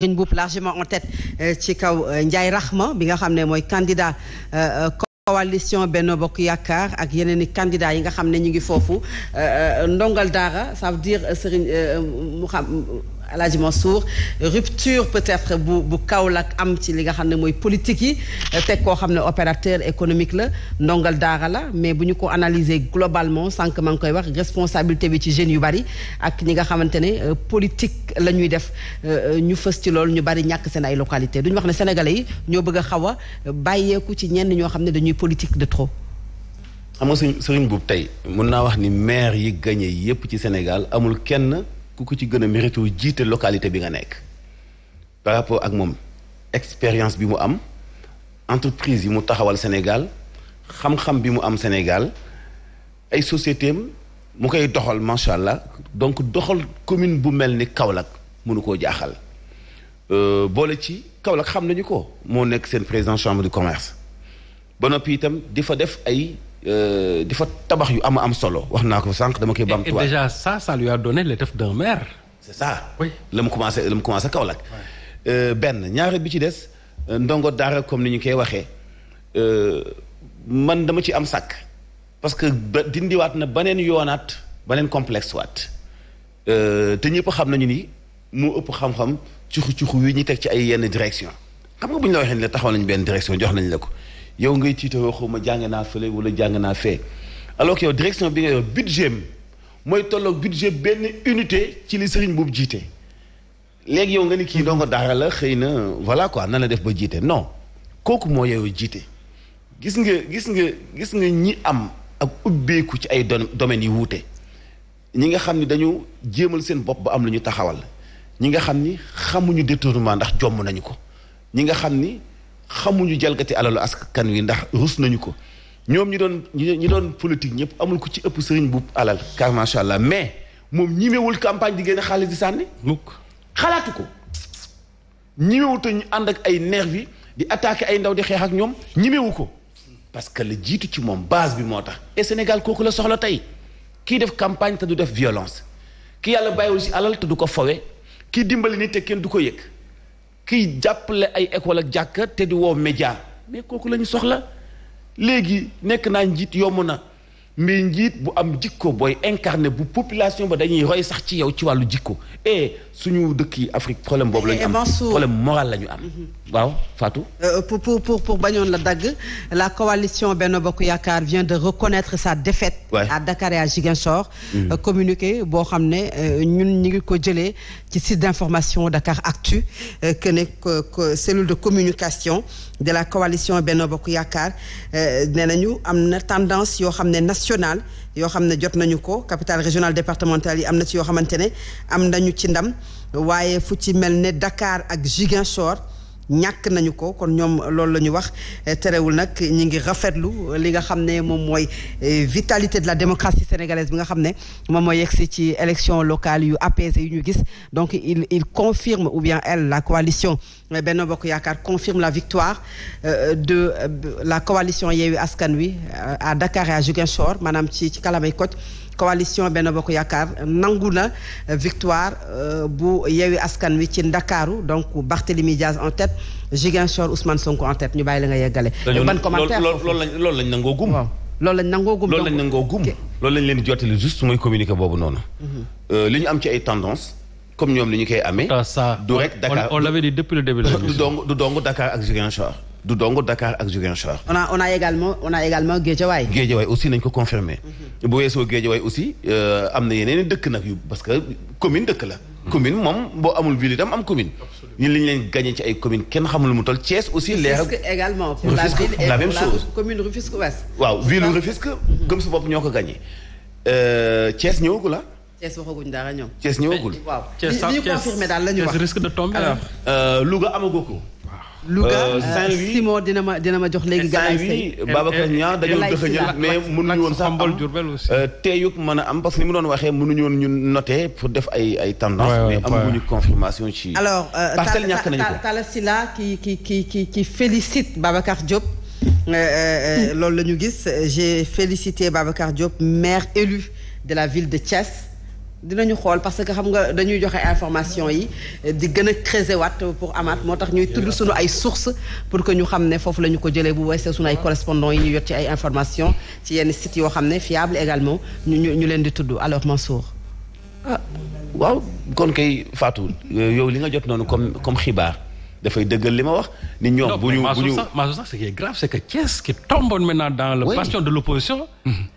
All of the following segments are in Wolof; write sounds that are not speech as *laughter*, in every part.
Serigne Mboup largement en tête euh, ci kaw euh, Ndiaye ma bi nga xam ne mooy candidat euh, coalition benn Bokk Yaakaar ak yeneen i candidats yi nga xam ne ñu ngi foofu ndongal daara ça veut dire mu xam Alaaji Mansour rupture peut-être bu bu Kaolack am ci li nga xam ne mooy politique yi teg koo xam ne opérateur économique la ndongal daara la mais bu ñu ko analyser globalement sànq maa ngi koy wax responsabilité bi ci jeunes yu bari ak ñi nga xamante ne euh, politique la ñuy def euh, euh, ñu fës ci loolu ñu bari ñàkk seen ay localité duñu wax ne sénégalais yi ñoo bëgg a xaw a bàyyeeku ci ñenn ñoo xam ne dañuy politique de trop. xam nga suñ sëriñ boobu tey mun naa wax ni maire yi gagné yépp ci Sénégal amul kenn. ku ko ci gën a jiite localité bi nga nekk par rapport ak moom expérience bi mu am entreprise yi mu taxawal Sénégal xam-xam bi mu am Sénégal ay société mu koy doxal macha allah donc doxal commune bu mel ni Kaolack mënu koo jaaxal euh, boole ci Kaolack xam nañu ko moo nekk seen président chambre du commerce ba noppi itam di fa def ay. Euh, di fa tabax yu am am solo wax naa ko sànq dama koy bamtuwaat. et déjà ça ça lui a donné maire. c'est ça. la mu commencé la mu commencé euh, benn ñaare bi ci des ndongo daara comme ni ñu koy waxee euh, man dama ci am sàkk. parce que ba dindiwaat na beneen yoonaat beneen complexe waat te ñëpp xam nañu ni moo ëpp xam-xam cuxu cuxu wi ñu teg ci ay yenn direction xam nga bu ñu la waxee ne taxaw nañ benn direction jox nañ la ko. yow ngay tiitaroo xaw ma jàng naa fële wala jàng naa fee alors que yow direction bi nga yor budget mooy tolloog budget benn unité ci li sëriñ boobu jiite. léegi yow nga ni kii ndongo daara la xëy na voilà quoi na la def ba jiite non kooku moo yow jiite gis nga gis nga gis nga ñi am ak ubbeeku ci ay domaines yi wuute ñi nga xam ni dañu jéemal seen bopp ba am lu ñu taxawal ñi nga xam ni xamuñu détournement ndax jomm nañu ko ñi nga xam ni. xamuñu jalgati alalu askan wi ndax rus nañu ko ñoom ñi doon ñi doon politique ñëpp amul ko ci ëpp sëriñ bu alal car macha allah mais moom ñimewul campagne di génne xaalis di sànni mukk xalaatu ko ñimewul ñu ànd ak ay neex bi di attaqué ay ndaw di xeex ak ñoom ñimewu ko parce que la jiitu ci moom base bi moo tax et Sénégal kooku la soxla tey kii def campagne te du def violence kii yàlla bàyyiwul si alal te du ko fowe kii dimbali nit te kenn du ko yëg kiy jàppale ay école ak jàkka te di woo média mais kooku la ñu soxla léegi nekk naa njiit yomb na mbi njiit bu am jikko booy incarné bu population ba dañuy roy sax ci yow ci wàllu jikko et eh, suñu dëkk yi Afrique problème boobu la ñu eh, am problème moral la ñu am. Mhm. waaw Fatou. Euh, euh, pour pour pour bañoon la dagg la coalition benn Bokk Yaakaar vient de reconnaître sa défaite. Ouais. à Dakar et à Ziguinchor. Mhm. Euh, communiqué boo xam ne ñun ñu ngi ko jëlee ci site d'information Dakar Actu que ne cellule de communication. de la coalition benn Bokk Yaakaar euh, nee na ñu am na tendance yoo xam ne nationale yoo xam ne jot nañu ko capital régional départementale yi am na ci yoo xamante ne am nañu ci ndam waaye fu ci mel ne dakaar ak Ziguinchor ñàkk nañu ko kon ñoom loolu la ñu wax eh, terewul nag ñi ngi rafetlu li nga xam ne moom mooy eh, vitalité de la démocratie sénégalaise bi nga xam ne moom mooy yegsi ci élection locale yu apaisé yu ñu gis donc il il confirme ou bien elle la coalition eh, Benno Bokk Yaakaar confirme la victoire euh, de euh, la coalition Yewwi Askan Wi euh, à Dakar et à Ziguinchor maanaam ci ci Kalamay coalition Benno Bokk Yaakaar nangu na euh, victoire euh, bu Yewwi Askan Wi ci Ndakaaru donc Barthélémy Diaz en tête Ziguinchor Ousmane Sonko en tête ñu bàyyi la nga yeggale. ban commentaire loolu lañ loolu lañ nangoo gum. loolu lañ nangoo gum loolu lañ nangoo gum. loolu lañ leen jottali juste mooy communiqué boobu noonu. Mhm. Euh, li ñu am ci ay tendance comme ñoom li ñu koy amee. Ah, du rek Dakar du dong du dong Dakar ak Ziguinchor. du dong Dakar ak Ziguinchor. on a on a également on a également Guédiawaye. Guédiawaye aussi nañ ko confirmer bu weesoo Guédiawaye aussi euh, am na yeneen dëkk nag yu parce que commune dëkk la. commune moom boo amul ville itam am commune. ñun li leen gagné ci ay commune kenn xamul lu mu toll Thiès aussi. leer Rufisque également pour la ville et la même chose commune Rufisque Ouest. waaw ville Rufisque. gëm sa bopp ñoo ko gagné. Euh, Thiès ñëwagul la ah? waxaguñ waaw Thiès sax Thiès daal la ñu wax risque de tomber. Euh, Louga amagoo ko. Louga euh, euh, Saint-Louis Simon dina ma dina ma jox léegi. gànnaay Saint-Louis Babacar Niang dañoo dëxëñal mais mënuñu woon sax am euh, teeyug mën a am parce que ni mu doon waxee mënuñu woon ñu noté pour def ay ay tendance mais amuñu confirmation ci. alors parcelle ñàkk nañu ko Talla Sylla qui qui qui qui qui félicite Babacar Diop. loolu la ñu gis j'ai félicité Babacar Diop maire élu de la ville de Thiès. dinañu xool parce que xam nga dañuy joxe information yi di gën a creuser waat pour amaat moo tax ñuy tudd suñu ay sources pour que ñu xam ne foofu la ñu ko jëlee bu weesee suñu ay correspondants yi ñu yot ci ay information ci yenn sites yoo xam ne fiable également ñu ñu leen di tudd alors Mansour ah, waaw kon kay Fatou yow li nga jot noonu comme comme xibaar dafay dëggal li ma wax nit ñoom bu ñu bu ñu Mansour sax ce qui est grave c'est que Thiès qui tombe maintenant dans le bastion de l'opposition mm-hmm.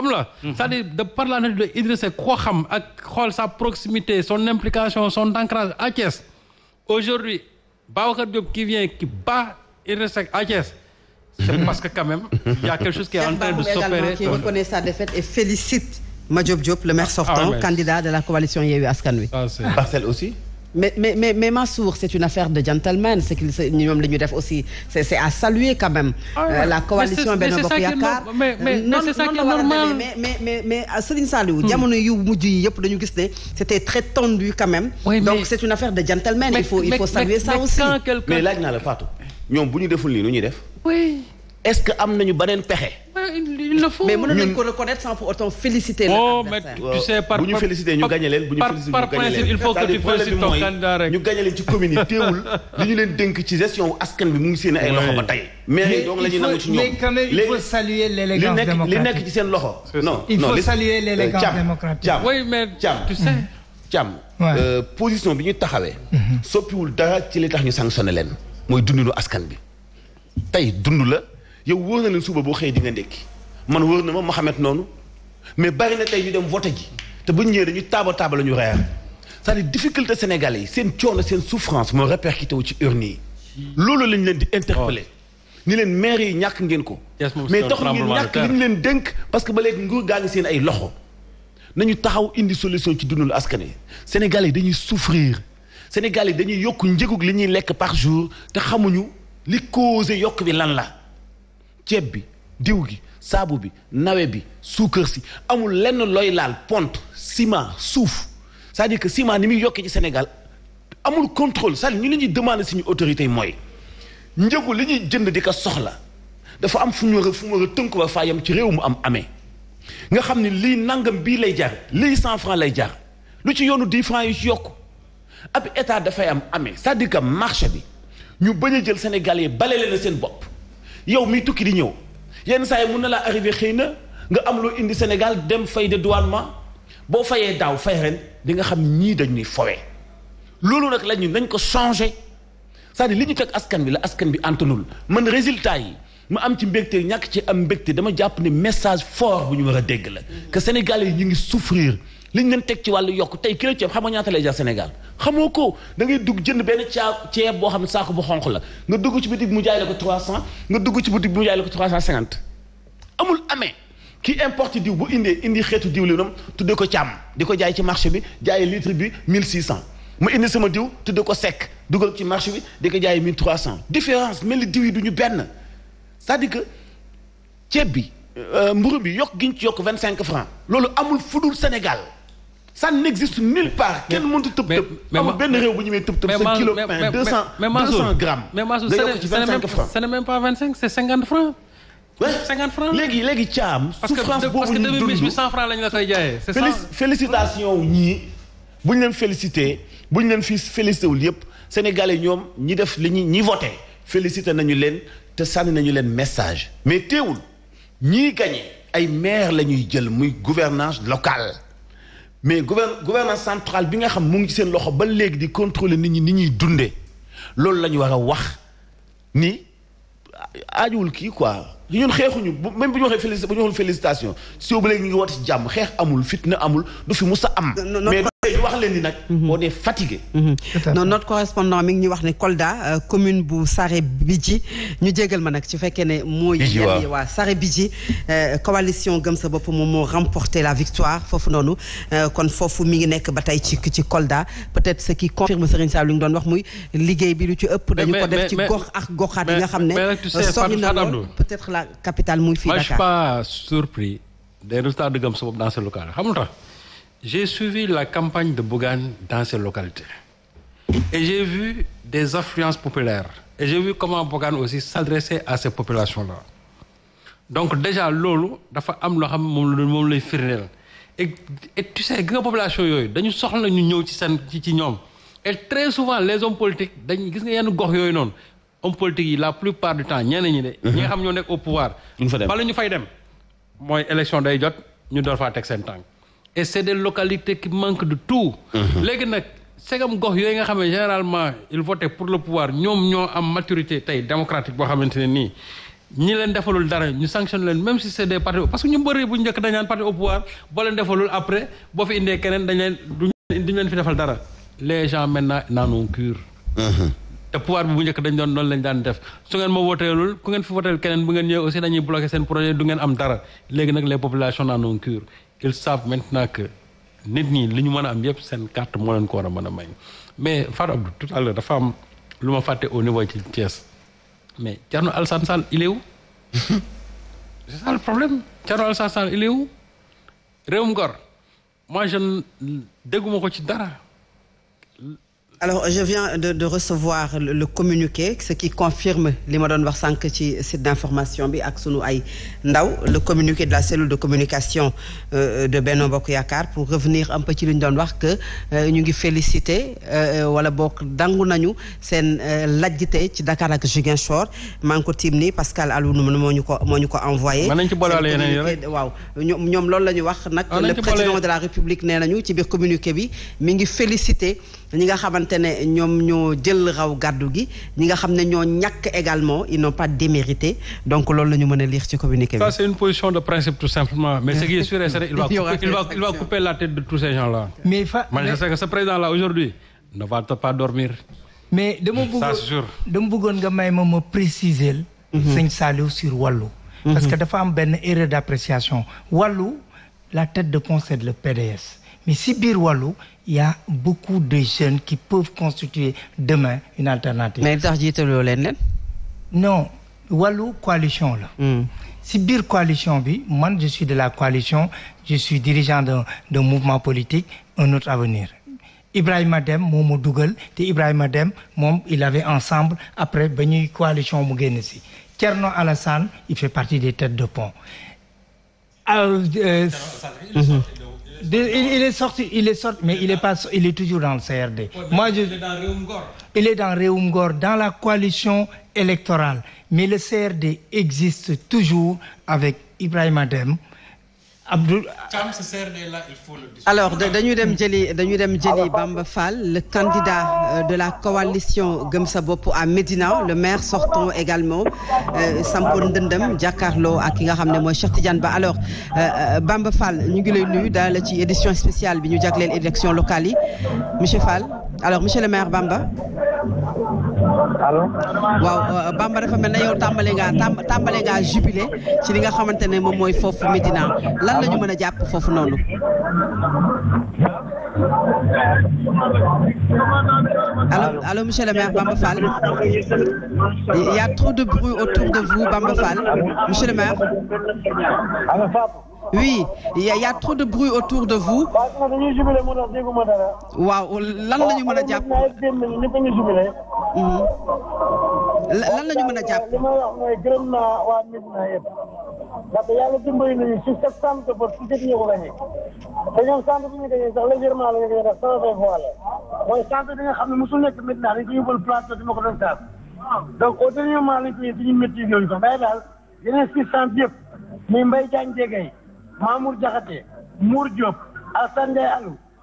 xam la c'est-à-dire de par la nature de Idrissa koo xool sa proximité son implication son ancrage à Thiès aujourd'hui Babacar Diop qui vient qui bat Idrissa à Thiès c'est parce que quand même il y a quelque chose qui est en de s'opérer qui reconnaît le maire ah, ah sortant candidat de la coalition Yewwi Askan Wi mais mais mais mais Mansour c'est une affaire de gentleman c'est qu'il ah ñoom euh, la coalition Benno Bokk Yaakaar mais mais c'est ça qui est mais mais mais mais euh, Serigne Saliou. Hmm. jamono yu mujj yi yëpp dañu gis ne. c'était très tendu quand même. Oui, donc c'est une affaire de gentleman. il faut il faut saluer ça aussi mais laaj naa la Fatou ñoom bu ñu deful nii nu ñuy def. oui. est-ce que am nañu beneen pexe. il le faut mais ko reconnaître féliciter. Oh, bu ñu féliciter ñu gagné leen bu ñu féliciter ñu gagné leen il faut que tu félicites ton ci commune yi *laughs* leen dénk ci gestion askan bi mu ngi seen ay loxo ba tey. mais donc la ñuy nangu il nekk ci seen loxo. non il faut saluer euh, l'élégance démocratique oui euh, position bi ñu taxawee. Mhm. soppiwul dara ci li tax ñu sanctionné leen. mooy dundinu askan bi tey dund la yow wóor na leen suba boo xëyee di nga ndékki man wër na ma Mouhamed noonu mais bari na tey ñu dem vote ji te bu ñu ñëwee dañu taaba taaba la ñu reer c'est-à-dire difficulté Sénégalais yi seen coono seen souffrance moo répercuté wu ci urne yi loolu lañ leen di interpeller ni leen maire yi ñàkk ngeen ko mais tox ngeen ñàkk li ñu leen dénk parce que ba léegi nguur gaa ngi seen ay loxo ñu taxaw indi solution ci dundul askan yi sénégal yi dañuy souffrir sénégal yi dañuy yokk njëgug li ñuy lekk par jour te xamuñu li causé yokk bi lan la ceeb bi diw gi saabu bi nawe bi suukar si amul lenn looy laal pont ciment suuf c'est-à-dire que ciment ni muy yokkee ci Sénégal amul contrôle cest à ñu li ñuy demandé suñu autorité yi mooy njëgu li ñuy jënd di ko soxla dafa am fu ñu war a fu mu war a ba faa yam ci réew mu am amee nga xam ne lii nangam bii lay jar lii cent franc lay jar lu ci yoonu di franc yu ci yokk ab état dafay am amee cest dire que marché bi ñu bëñ a jël Sénégalais bale leen seen bopp yow miy tukki di ñëw yenn saa yi mun na laa arrivé xëy na nga am loo indi Sénégal dem fay de douanement boo fayee daaw fay ren di nga xam ñii dañuy foowe loolu nag la ñu nañ ko changé cest à li ñu teg askan bi la askan bi antanul man résultat yi ma am ci mbégte ñàkk ci am mbégte dama jàpp ne message fort bu ñu war a dégg la que Sénégalais yi ñu ngi souffrir liñ leen teg ci wàllu yokk tey kilo ceeb xam nga ñaata lay jar Sénégal xamoo ko dangay dugg jënd benn caa ceeb boo xam ne bu xonq la nga dugg ci boutique bi mu jaay la ko 300 nga dugg ci boutique bi mu jaay la ko 350 amul amee kii importe diw bu indee indi xeetu diwlinam tuddee ko càmm di ko jaay ci marché bi jaay litre bi 1600 mu indi sama diw tuddee ko sekk dugal ci marché bi di ko jaay 1300 différence mel ni diw yi du ñu benn cest di dire ceeb bi euh, mburu bi yokk giñ ci yokk 25 francs loolu amul fudul Sénégal. ça n'existe nulle part kenn mënut a tëb tëb amul benn réew bu ñu may tëb tëb sa kilo pain deux cent grammes léegi léegi caam souffrance boobu ñu dund cent francs lañ la koy jaayee félicitation wu ñii bu ñu leen félicité bu ñu leen fii félicité wul yëpp sénégalais ñoom ñi def li ñu ñi voté félicité nañu leen te sànni nañu leen message mais teewul ñii gagné ay maire la ñuy jël muy gouvernance locale mais gouver gouvernance centrale bi nga xam mu ngi ci seen loxo ba léegi di contrôler nit ñi ni ñuy dundee loolu la ñu war a wax ni aajuwul kii quoi ñun xeexuñu même bu ñu waxee félicité bu ñu waxul félicitation si ba léegi ñu ngi woote ci jàmm xeex amul fitna amul du fi musa am mais ñu wax leen ni nag. Mhm. on est fatigué. Mhm. non notre correspondant mi ngi ñu wax ne Kolda euh, commune bu Sare ji ñu jégal ma nag su fekkee ne. mooy yenn yi waa Sare Bidji. Euh, coalition gëm sa bopp moom moo remporté la victoire foofu noonu euh, kon foofu mu ngi nekk ba tey ci ci Kolda peut-être ce qui confirme Serigne Sall li nga doon wax muy liggéey bi lu ci ëpp. dañu ko def ci gox ak goxaat yi nga xam ne. sori na lool peut-être la capitale muy fii Dakar. moi je suis pas surpris J'ai suivi la campagne de Bougane dans ces localités. Et vu des affluences populaires. Et vu comment Bougane aussi s'adressait à ces population la donc déjà loolu dafa am loo xam moom moom lay firndeel et et tu sais gis nga population yooyu dañu soxla ñu ñëw ci seen ci ci ñoom et très souvent les hommes politiques dañ gis nga yenn gox yooyu noonu hommes politiques yi la plupart du temps ñeneen ñi de. Mhm. ñi nga xam ñoo nekk au pouvoir. bala ñu fay dem. mooy élection day jot ñu door faa teg seen tànk. et c' est des localités qui manquent de tout. Mhm. léegi nag segam gox yooyu nga xam ne généralement ils votaient pour le pouvoir ñoom ñoo am maturité tey démocratique boo xamante ne nii. ñi leen defalul dara ñu sanctionne leen même si c'est des partis parce que ñu bëri bu njëkk dañaan parti au pouvoir boo leen defalul après boo fi indee keneen dañ leen leen fi defal dara le gens maintenant naa ont cure mhm. te pouvoir bi bu njëkk dañ doon noonu lañ daan def su ngeen ma woteelul ku ngeen ils savent maintenant que nit ñi li ñu mën a am yëpp seen carte moo leen ko war a mën a may mais Fatou Abdou tout à dafa am lu ma fàtte au niveau ci Thiès mais Thierno Alassane Sall il est où *laughs* c'est ça le problème Thierno Alassane Sall il est réewum gor moi je dégguma ko ci dara alors je viens de de recevoir le, le communiqué ce qui confirme li ma doon wax sànq ci site d'information bi ak sunu ay ndaw le communiqué de la cellule de communication euh, de Benno Bokk Yaakaar pour revenir un peu ci lu ñu doon wax que euh, ñu ngi féliciter euh, wala bokk dangu nañu seen euh, lajjite ci Dakar ak Ziguinchor maa ngi ko tiim nii Pascal Alioune moo ñu ko moo ñu ko envoyé. mën nañu ci boolewaale yeneen yi rek waaw ñoom ñoom loolu la ñu wax. nag le président de la République nee nañu ci biir communiqué bi mi ngi féliciter. ñi nga xamante ne ñoom ñoo jël raw gàddu gi ñi nga xam ne ñoo ñàkk également ils n'ont pas démérité donc loolu la ñu mën a lire ci communiqué bi. de principe tout simplement mais il va *laughs* couper, la tête de tout ces gens là. mais fa man je sais que ce président là aujourd'hui ne va pas dormir. mais dama bëggoon nga may ma ma préciser. Mhm. sëñ Saliou sur wàllu. Mhm. parce que dafa am benn erreur d'appréciation wallu la tête de conseil de le PDS mais si biir wàllu il a beaucoup de jeunes qui peuvent constituer demain une alternative. mais tax jiitaloo leen leen. non wàllu coalition la. Hmm. si biir coalition bi man je suis de la coalition je suis dirigeant d'un d'un mouvement politique un autre avenir. Ibrahima Dem moo ma dugal te Ibrahima Dem moom il avait ensemble après ba ñuy coalition mu génn si Thierno Alassane il fait partie des têtes de pont. Euh, il est, il, il est sorti, il est sorti, mais il est, pas, il est toujours dans le CRD. Ouais, Moi, je, il est dans Réum Gor. Il est dans Réum Gor, dans la coalition électorale. Mais le CRD existe toujours avec Ibrahim Adem. Abdou. alors dañu dem jëli dañu dem jëli Bamba Fall le candidat euh, de la coalition Gëm sa bopp à Médina le maire sortant également euh, sampoon ndëndëm jàkkaarloo ak ki nga xam ne mooy Cheikh Tidiane Ba alors euh, Bamba Fall ñu ngi lay nuyu daal la ci édition spéciale bi ñu jagleel élection locale yi monsieur Fall alors monsieur le maire Bamba. allo. waaw euh, Bamba dafa mel ne yow tàmbale ngaa tàmbale ci li nga xamante ne moom mooy foofu Médina lan la ñu mën a jàpp foofu noonu. allo allo monsieur le maire Bamba Fall il trop de bruit autour de vous Bamba Fall monsieur oui il y, y a trop de bruit autour de vous. waaw lan la ñu mën a jàpp. Mhm. lan la ñu mën a jàpp. li ma wax mooy gërëm naa waa Médina yëpp ndaxte yàlla dimbali nañu si septembre ba pour si jëf ñu ko gañee te ñoom centre bi ñu gañee sax légèrement la ñu koy def cent vingt fois la mooy centre bi nga xam ne mosul nekk Médina dañ ko yóbbal plateau di ma ko doon saaf donc au dernier moment lañ koy suñu métti yooyu sax waaye daal yeneen six cent yëpp muy Mbaye Diagne Diegay Mamour Diakhaté Mour Diop Alassane Ndiaye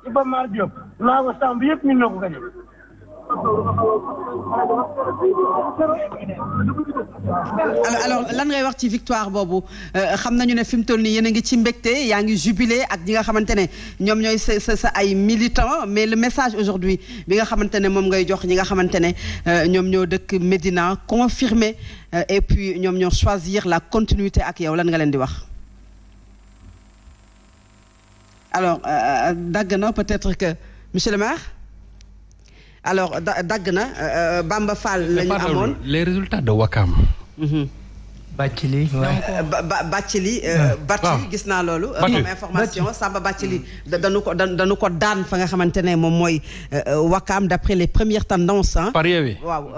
yëpp ñun ñoo ko alors lan ngay wax ci victoire boobu euh, xam nañu ne fi mu toll nii yéen ngi ci mbégte yaa ngi jubilé ak ñi nga xamante ne ñoom ñooy sa sa sa ay militants mais le message aujourd'hui bi nga xamante ne moom ngay jox ñi nga xamante ne euh, ñoom ñoo dëkk Médina confirmé euh, et puis ñoom ñoo choisir la continuité ak yow lan nga leen di wax. alors euh, euh, dagg na peut-être que monsieur le maire alors dagg na euh, Bamba Fall. la ñu amoon les résultats de Wakam. Mhm. Bathily Bathily Bathily gis naa loolu comme euh, information Samba Bathily mm. dañu ko dañu ko daan fa nga xamante ne moom mooy euh, euh, Wakaam d'après les premières tendances par Yewwi waaw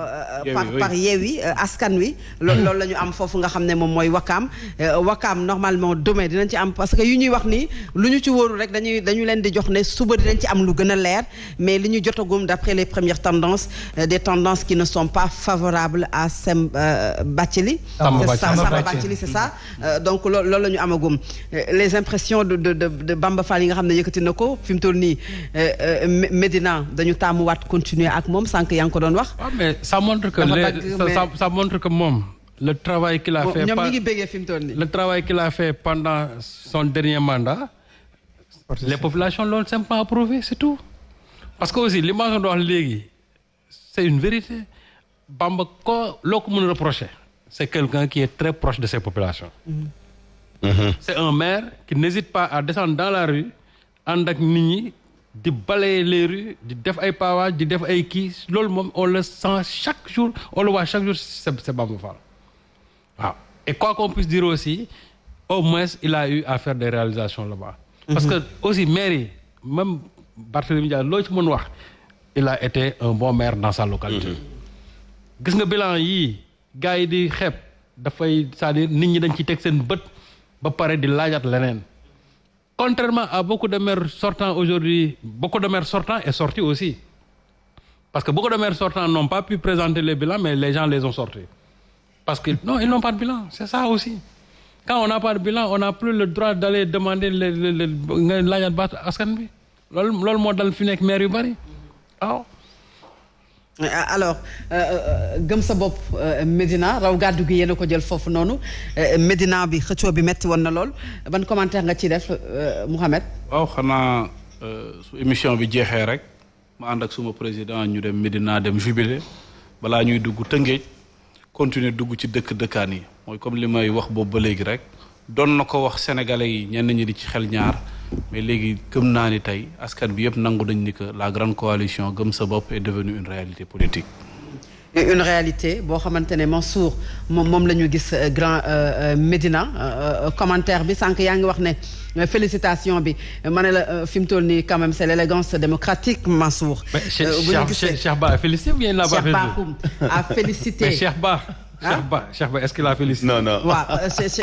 par par Yewwi askan wi mm. loolu la ñu am foofu nga xam ne moom mooy wakkaam Wakaam normalement demain dinañ ci am parce que yu ñuy wax nii lu ñu ci wóorul rek dañuy dañu leen di jox ne suba dinañ ci am lu gën a leer mais li ñu jotagum d'après les premières tendances des tendances qui ne sont pas favorables à Sem Bathily Samba Bathily c'est ça mm-hmm. euh, donc loolu loolu ñu amagum euh, les impressions de de de Bamba Fall yi nga xam ne yëkkati na ko fi mu toll nii euh, Médina dañu taamuwaat continuer ak moom sànq yaa ngi ko doon wax. waaw ah, mais ça montre que ça ça montre moom. le travail qu'il a fait fi mu toll nii le travail qu'il pendant son dernier mandat. les populations l'ont simplement approuvé c'est parce que aussi li ma doon wax léegi c'est une vérité Bamba ko loo ko mën a reprocher c'est quelqu'un qui est très proche de ses populations. Mmh. c'est un maire qui n'hésite pas à descendre dans la rue ànd ak nit ñi di balayer le rues di def ay pavage di def ay kii loolu moom on le sent chaque jour on le voit chaque jour c'est Bamba Fall waaw et quoi qu'on puisse dire aussi au moins il a eu à faire des réalisations mm-hmm. parce que aussi maire yi même Barthélémy Dias loo ci mën wax il a été un bon maire dans sa localité. Mm-hmm. gis nga bilan yii. gars yi di xeeb dafay cest à nit ñi dañ ci teg seen bët ba pare di laajaat leneen contrairement à beaucoup de maires sortants aujourd'hui beaucoup de maires sortants est sorti aussi parce que beaucoup de maires sortants n'ont pas pu présenter les bilans mais les gens les ont sortis parce que non ils n'ont pas de c'est ça aussi quand on n'a pas de on n'a plus le droit d'aller demander le nga laajaat baat askan bi lool loolu moo dal fi nekk maire yu bari ah. Euh, alors euh, euh, gëm sa bopp médina raw gàddu gi yéen a ko jël foofu noonu Medina bi xëccoo bi metti woon na lool ban commentaire nga ciy def Mouhamed. waaw xanaa su émission bi jeexee rek ma ànd ak suma président ñu dem Medina dem jubilé balaa ñuy dugg Tëngéej continuer dugg ci dëkk dëkkaan yi mooy comme li may wax boobu ba léegi rek doon na ko wax sénégalais yi ñenn ñi di ci xel ñaar. mais léegi gëm naa ni tey askan bi yëpp nangu nañ ni que la grande coalition gëm sa bopp est devenue une réalité politique. une réalité boo xamante ne Mansour moom moom la ñu gis euh, Grand euh, euh, Médina commentaire bi sànq yaa ngi wax ne félicitation bi ma ne la fi mu toll nii quand même c' est l' démocratique Mansour. bu ñu a félicité ou bien il n' a pas félicité. Cheikh Ba *laughs* Cheikh Ba Cheikh Ba est-ce qu'il a félicité. non non peut-être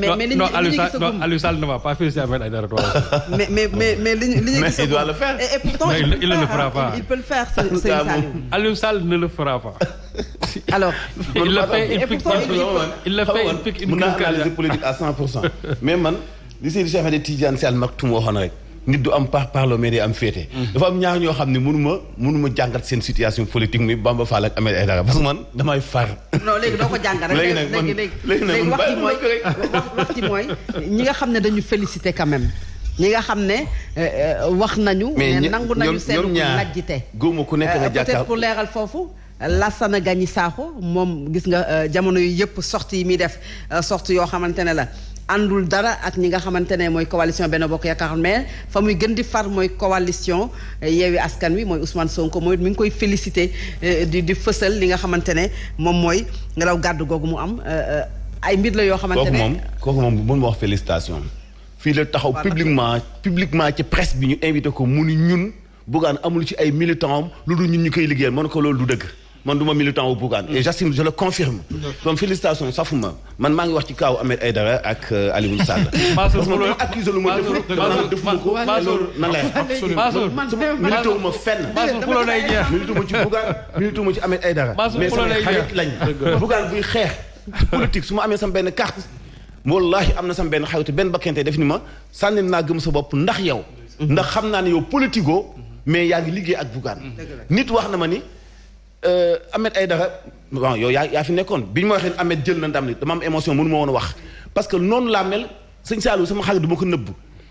dina li ñu pas féliciter Ahmed Aïdara mais mais mais mais li ñu li et *laughs* eh, eh, pourtant il ne le fera il peut le faire Serigne Saliou. Aliou Sall ne le fera *laughs* il le le fait il pique politique à 100 pour cent *laughs* man li Seydi Cheikh Ahmed Tidiane Sy Al Maktoum waxoon rek. nit du am par parlo mais day am féete. Mm. dafa am ñaar ñoo xam ne mënu ma jàngat seen situation politique muy Bamba Fall ak Ahmed Aïdara parce man damay far. non léegi doo ko jàngat rek léegi nag léegi wax mooy ñi nga xam ne dañu félicité quand ñi nga xam ne euh, euh, wax nañu. mais nangu nañu seen lajjite. góoma ku nekk nga euh, jàkkaar peut-être pour leeral foofu. Lassana Gagny Sakho moom gis nga jamono yu yëpp sorti yi muy def sorti yoo xamante ne la. àndul dara ak ñi nga xamante ne mooy coalition benn Bokk Yaakaar mais fa muy gën di far mooy coalition eh, Yewwi Askan Wi mooy Ousmane Sonko mooy mi ngi koy félicité eh, di di fësal li nga xamante ne moom mooy ngelaw gàddu googu mu am eh, ay mbir la yoo xamante ne moom kooku moom mën wax félicitation fii la taxaw publiquement publiquement ci presse bi ñu invité ko mu ni ñun buggaan amul ci ay militant am lu dul ñun ñu koy liggéeyal mën ko loolu du dëkk man du ma militant wu Bougane et j'assume je le confirme donc félicitation safuma man maa ngi wax ci kaaw amee Ahmed Aïdara ak Alioune Sall parce ma accuse ma def defuma ma fenn militu ma ci Bougane militu ma ci Ahmed Aïdara mais sama xarit lañ Bougane buy xeex politique su ma amee sama benn carte wallahi am na sama benn xaritu benn bakkente def ni ma sànni naa gëm sa bopp ndax yow ndax xam naa ne yow politico mais yaa ngi liggéey ak Bougane nit wax na ma ni Euh, Ahmed Aïdara bon yow yaa yaa fi nekkoon bi ñu ma waxee ne Ahmed jël na ndam li dama am émotion mënu ma a wax parce que noonu laa mel sëñ Saliou sama xarit du ma ko nëbb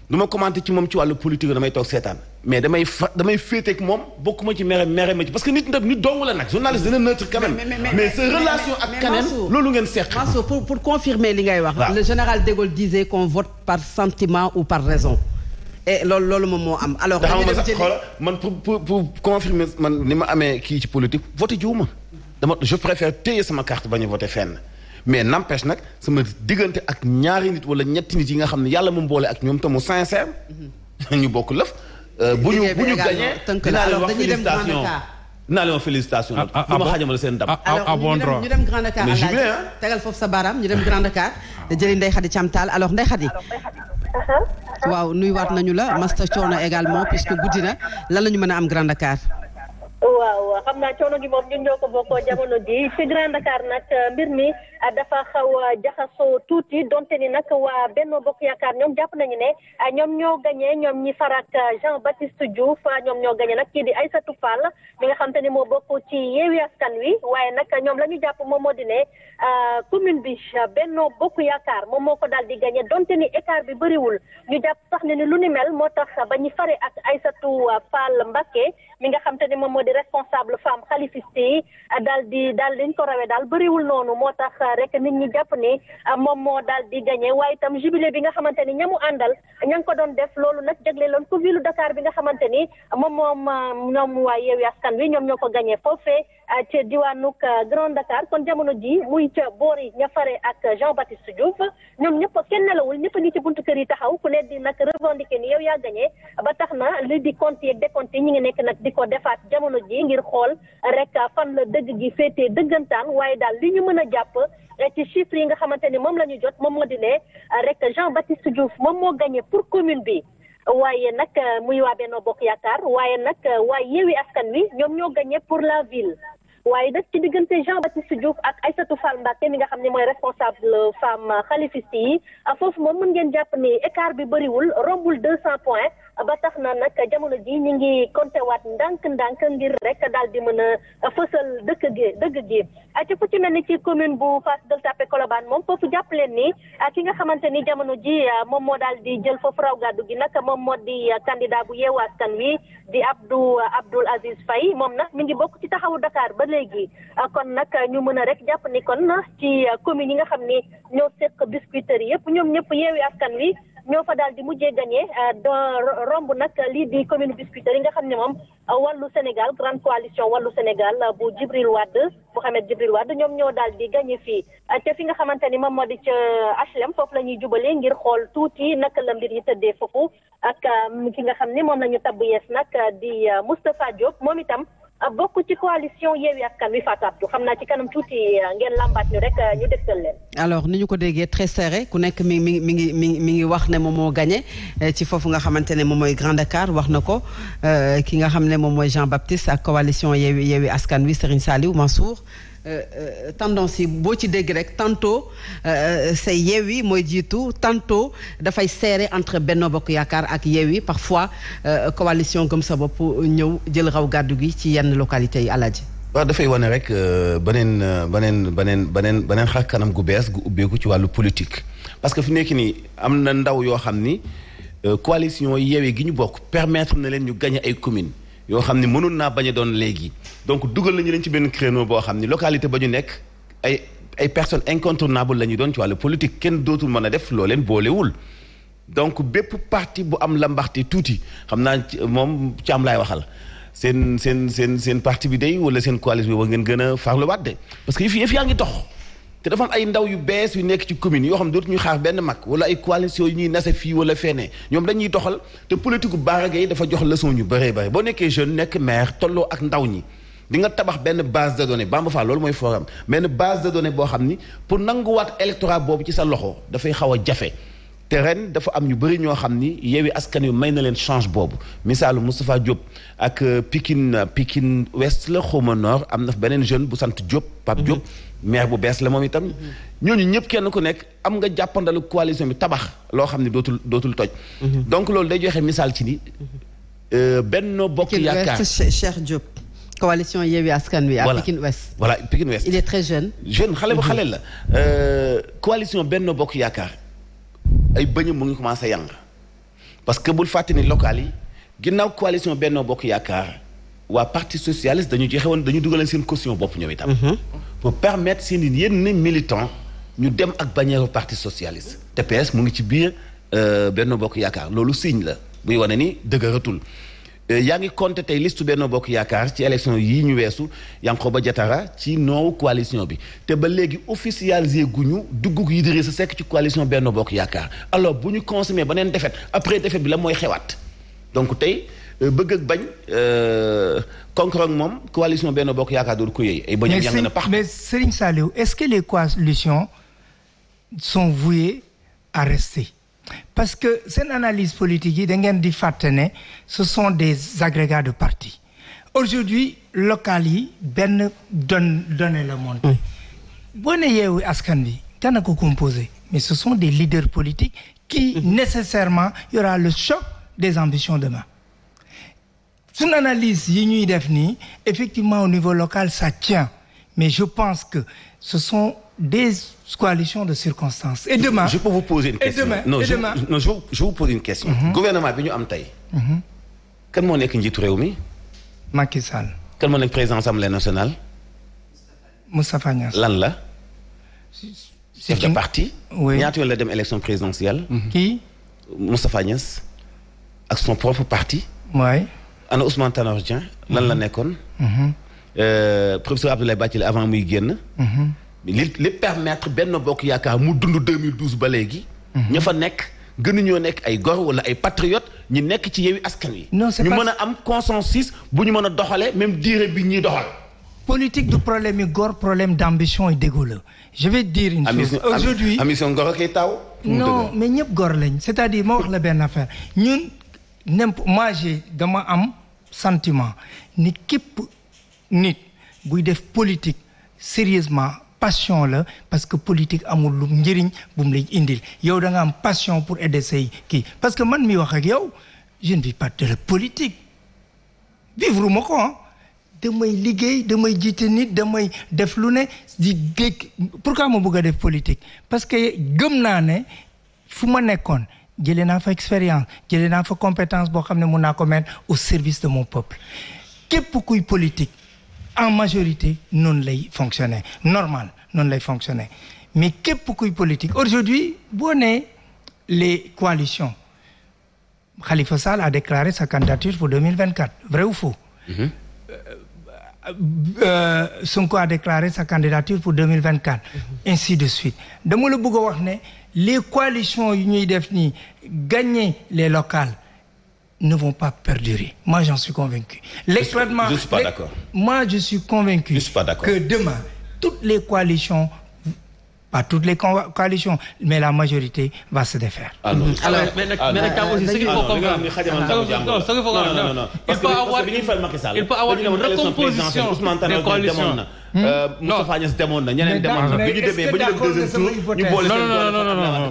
du ma commenté ci moom ci wàllu politique damay toog seetaan mais damay fa damay moom bokk ma ci mere mere ma ci parce que nit ndab nit dong la nag journaliste dina neutre quand mais sa relation ak keneen loolu ngeen seq pour pour confirmer li ngay wax le général de Gaulle disait qu'on vote par sentiment ou et eh, loolu loolu moom moo am. alors man pour pour pour confirmer man ni ma amee kii ci politique voté jiwuma dama je préfère téye sama carte bañ a voté fenn. mais n'empêche nag sama diggante ak ñaari nit wala ñetti nit yi nga xam ne yàlla mu boole ak ñoom te mu sincère. Mhm. ñu bokk lëf. Euh, bu ñu bu ñu gañee dinaa leen wax félicitation dinaa leen wax félicitation. ah ah ma ah, xaajamale seen ndam. ah, ah bon alors ñu dem Grand Dakar. mais jubilé ah tegal foofu sa baaraam ñu dem Grand Dakar. Ah. jëli Ndeye Khady Thiam Tall alors Ndeye Khady. waaw nuyuwaat nañu la Masta Coono également puisque guddi na lan la ñu mën a am grande Dakar. waaw xam naa coono gi moom ñun ñoo ko bokkoo jamono ji ci Grand Dakar nag euh, mbir mi euh, dafa xaw a jaxasoo tuuti donte ni nag waa Benno Bokk Yaakaar ñoom jàpp nañu ne euh, ñoom ñoo gañee ñoom ñi farak Jean Baptiste Diouf ñoom ñoo gañee nag kii di Aïssatou Fall mi nga xam te ni moo bokk ci Yewwi Askan Wi waaye nag ñoom la ñu jàpp moom moo di ne commune bi Benno Bokk Yaakaar moom moo ko daal di gañee donte ni écart bi bëriwul ñu jàpp sax ne ni lu ni mel moo tax ba ñu fare ak Aïssatou Fall Mbacké mi nga xam di responsable femme xalifiste yi daal di daal liñ ko rawee daal bëriwul noonu moo tax rek nit ñi jàpp ni moom moo daal di gagné waaye itam jubilé bi nga xamante ni ñamu àndal ña ko doon def loolu nag jagleeloon ko ville Dakar bi nga xamante ni moom moom ñoom waa Yewwi Askan Wi ñoom ñoo ko gagné foofee ca diwaanu euh, Grand Dakar kon jamono ji muy ca boori Niafare ak Jean Baptiste Diouf ñoom ñëpp kenn nelawul ñëpp ngi ci buntu kër yi taxaw ku ne di nag revendiquer ni yow yaa gagné ba tax na li di compte yeeg décompte yi ñu ngi nekk nag di ko defaat jamono ji ngir xool rek fan la dëgg gi féetee dëggantaan waaye daal li ñu mën a jàpp euh, ci chiffre yi nga xamante ni moom la ñu jot moom moo di ne euh, rek Jean Baptiste Diouf moom moo gagné pour commune bi. waaye nag muy waa Benno Bokk Yaakaar waaye nag waa Yewwi Askan Wi ñoom ñoo gagné pour la ville waaye des ci diggante Jean Baptiste Diouf ak Aïssatou Fall Mbacké mi nga xam ne mooy responsable femme xalifiste yi foofu moom mën ngeen jàpp ni écart bi bëriwul rombul deux cent points ba tax na nag jamono ji ñu ngi compter waat ndànk-ndànk ngir rek daal di mën a fësal dëkk gi dëgg gi ah, ci fu ci mel ni ci commune bu Fass Gueule Tapée Colobane moom foofu jàpp leen ni ah, ki nga xamante ni jamono ji ah, moom moo daal di jël foofu raw gàddu gi nag moom moo di candidat bu Yewwi Askan Wi di Abdou Abdoul Aziz Faye moom nag mi ngi bokk ci taxawu Dakar ba léegi kon nag ñu mën a rek jàpp ni kon ci commune yi nga xam ni ñoo seq biscuiterie yëpp ñoom ñëpp Yewwi Askan Wi ñoo fa daal di mujje mujjee gagné euh, romb nag lii di commune Biscuiterie yi nga xam ne moom euh, wàllu Sénégal grande coalition wàllu Sénégal euh, bu Djibril Wade Mouhamed Djibril Wade ñoom ñoo daal di gagné fii te fi nga xamante ni moom moo di ca HLM foofu la ñuy jubalee ngir xool tuuti naka la mbir yi tëddee foofu ak ki nga xam ne moom la ñu tabb yees nag di Moustapha Diop moom itam bokk ci coalition Yewwi Askan Wi Fatou Abdou xam ci kanam tuuti euh, ngeen lambaat ñu rek euh, ñu dégtal leen. alors ni ñu ko déggee très serré ku nekk mi mi mi ngi mi ngi mi ngi wax ne moom moo gagné euh, ci foofu nga xamante ne moom mooy Grand Dakar wax na ko ki nga xam ne moom mooy Jean Baptiste ak coalition Yewwi Yewwi Askan Wi Serigne Saliou suur Euh, euh, tendance yi boo ci dégg rek tantôt euh, c'est Yewwi mooy jiitu tanto dafay serré entre Benno Bokk Yaakaar ak Yewwi parfois coalition Gëm Sa Bopp ñëw jël raw gàddu gi ci yenn localité yi Alaaji waaw dafay wane rek beneen beneen beneen beneen beneen xar kanam gu bees gu ubbeeku ci wàllu politique parce que fu nekk nii am na ndaw yoo xam ni coalition Yewwi gi ñu bokk permettre na leen ñu gagné ay communes yoo xam ni mënoon naa bañ a doon léegi donc dugal nañu leen ci benn créneau boo xam ni localité ba ñu nekk ay ay personnes incontournables la ñu doon ci wàllu politique kenn dootul mën a def loo leen boolewul donc bépp parti bu am la lambaxte tuuti xam naa moom Thiam laay waxal seen seen seen seen parti bi day wala seen coalition bi war ngeen gën a farluwaat de parce que yëf yëf yaa ngi tox te dafa am ay ndaw yu bees yu nekk ci commune yoo xam ne dootuñu xaar benn mag wala ay coalition yu ñuy nase fii wala feneen ñoom dañuy doxal te politique Bara Gaye dafa jox leçon ñu bëree bëri boo nekkee jeune nekk maire tolloo ak ndaw ñi di nga tabax benn base de données Bamba Fall loolu mooy forum benn base de données boo xam ni pour nanguwaat électorat boobu ci sa loxo dafay xaw a jafe te ren dafa am ñu bëri ñoo xam ni Yewwi Askan Wi may na leen change boobu misaalu Moustapha Diop ak Pikine Pikine Ouest la xawma am na beneen jeune bu sant Diop Pape Diop maire bu bees la moom itam. Mhm. ñooñu ñëpp kenn ku nekk am nga jàppandalu coalition bi tabax loo xam ne dootul dootul toj. Mhm. donc loolu day joxe misaal ci ni. Mhm. Euh, Benno Bokk Yaakaar Cheikh Diop. coalition Yewwi Askan Wi. voilà Pikine Ouest. voilà il est très jeune. jeune xale bu xale la. Euh, coalition Benno Bokk Yaakaar ay bëñam mu ngi commencé yàng parce que bul fàtte ni local yi ginnaaw coalition Benno Bokk Yaakaar waa parti socialiste dañu joxe woon dañu dugalal seen caution bopp ñoom itam. pour permettre seen i yenn militant ñu dem ak bannière parti socialiste TPS mu ngi ci biir euh, benn Bokk Yaakaar loolu signe la buy wane ni dëgëratul euh, yaa ngi compté tey liste benn Bokk Yaakaar ci élection yii ñu weesu ba jatara ci noowu coalition bi te ba léegi officialisé guñu dugg Idrissa Seck ci coalition benn Bokk Yaakaar alors bu ñu consommé beneen défaite après défaite bi la mooy xewaat donc tey Euh, bëgg ak bañ euh, concret ak moom coalition benn bokk yaakaar dootu ko yëy ay bañ ak yàng na pax mais Serigne Saliou est-ce que les coalitions sont vouées à rester parce que seen analyse politique yi da ngeen di fàtte ne ce sont des agrégats de partis aujourd'hui local yi benn don donné la monté boo ne yeewu askan bi kana ko composé mais ce sont des leaders politiques qui mm-hmm. nécessairement il y aura le choc des ambitions demain suñu analyse yi ñuy def nii effectivement au niveau local ça tient mais je pense que ce sont des coalitions de circonstances. et demain je peux vous poser une question vous je une question. Mhm. gouvernement bi ñu am tey. Mhm. kan moo nekk njiitu réew mi. Macky Sall. kan moo nekk président assemblée nationale. Moustapha Niass lan la. chef de parti. oui ñaata yoon la dem élection présidentielle. kii. Moustapha Niass. son propre parti. ana Ousmane Tanor Dieng lan la mhm. nekkoon. Mhm. Euh, professeur Abdoulaye Bathily avant muy génn. Mhm. li li permettre benn bokk yaakaar mu dund 2012 ba léegi. ña fa nekk gënuñoo nekk ay gor wala ay patriote ñi nekk ci yewi askan wi. non c'est pas ñu mën a am consensus bu ñu mën a doxalee même diire bi ñuy doxal. politique du problème yi góor problème d'ambition et d'égo la je vais te dire une chose aujourd'hui ambition góor kay taw non mais ñëpp góor lañ c'est-à-dire ma wax la benn affaire ñun n'importe moi sentiment nit képp nit buy def politique sérieusement passion la parce que politique amul lu njëriñ bu mu lay indil yow da nga am passion pour aider say kii parce que man mi wax ak yow je ne vis pas de la politique vivre ma ko damay liggéey damay jiite nit damay def lu ne di dégg pourquoi ma bëgg a def politique parce que gëm naa ne fu ma nekkoon jëlee naa fa expérience jëlee naa fa compétence boo xam ne mun naa ko mettre au service de mon peuple képp kuy politique en majorité noonu lay fonctionner normal noonu lay fonctionner mais képp kuy politique aujourd'hui boo nee les coalitions Khalifa Sall a déclaré sa candidature pour 2024 vrai ou faux mm Euh, euh, Sonko a déclaré sa candidature pour 2024 mhm. ainsi de suite dama la bëgg a wax ne les coalitions yu ñuy def nii gagner les locales ne vont pas perdurer moi j'en suis convaincu l'extrêmement je suis pas d'accord moi je suis convaincu suis pas d'accord que demain toutes les coalitions pas toutes les coalitions mais la majorité va se défaire. Ah, alors alors ah, mais nag mais nag aussi ah, ce qu'il faut comprendre non non non parce que bi ñuy fal Macky Sall. il faut avoir une recomposition des coalitions Hmm? Euh, Moustapha Niass demoon na ñeneen demoon na bi ñu demee ba ñu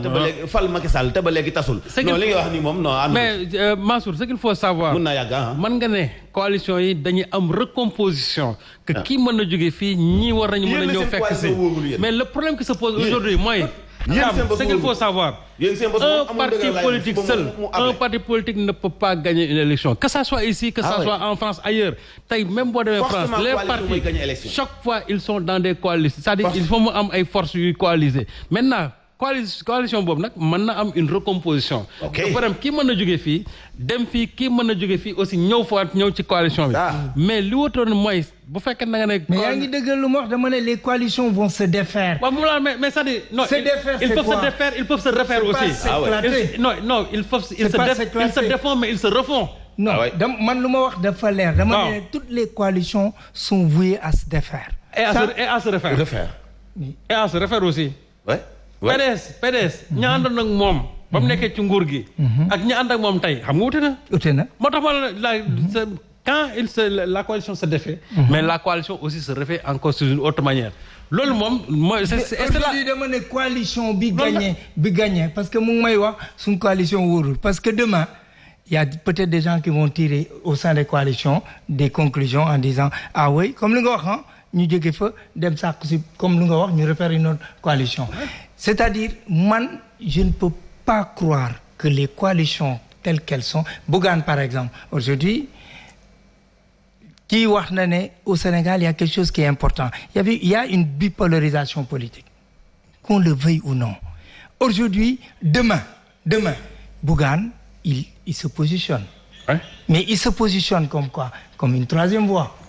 dem fal Macky Sall te ba léegi tasul non li nga wax ni moom non am mais euh, Mansour ce qu'il faut savoir mën naa yàgg ah nga ne coalition yi dañuy am recomposition que ah. kii mën na jóge fii ñii war nañu mën a ñëw fekk si mais le problème qui se pose aujourd'hui mooy yéen ce qu'il faut savoir un parti politique seul un parti politique ne peut pas gagner une élection que ça soit ici que ah ça soit en France ailleurs tey même boo demee France les partis chaque fois ils sont dans des coalitions c'est-à-dire il faut mu am ay coaliser maintenant coalition coalition boobu nag mën na am une recomposition. ok dafa kii mën na jóge fii dem fii kii mën na jóge fii aussi ñëw faat ñëw ci coalition bi. Ah. mais li wutoon mooy bu fekkee na nga ne. mais yaa ngi dëggal lu ma wax dama ne les coalitions vont se défaire. waaw moom la mais mais c'est-à-dire non se défaire c'est quoi ils peuvent se défaire ah ils se refaire aussi. ah se défont mais ils ah man lu ma wax dafa leer. dama ne toutes les coalitions sont vouées à se défaire. et à se et aussi. PDS PDS ña àndoon moom ba mu mhm. nekkee ci nguur gi mhm. ak ña ànd moom tey xam nga wute na wute na moo tax ma la mhm. quand il se la coalition se defe mais la coalition aussi se refait encore sur une autre manière loolu moom mooy aujourd'hui dama ne coalition bi gagné bi parce que mu ngi may wax suñ coalition wóorul parce que dema ya y a peut-être des gens qui vont tirer au sein des coalitions de conclusions en disant ah oui comme li nga wax ah, ñu jóge fa dem sàkku comme li nga wax ñu refaire une autre coalition c'est-à-dire man je ne peux pas croire que les coalitions telles qu'elles sont Bougane par exemple aujourd'hui kii wax na ne au Sénégal il y a quelque chose qui est important il y avait il y a une bipolarisation politique qu'on le veuille ou non aujourd'hui demain demain Bougane il il se positionne mais il se positionne comme quoi comme une troisième voie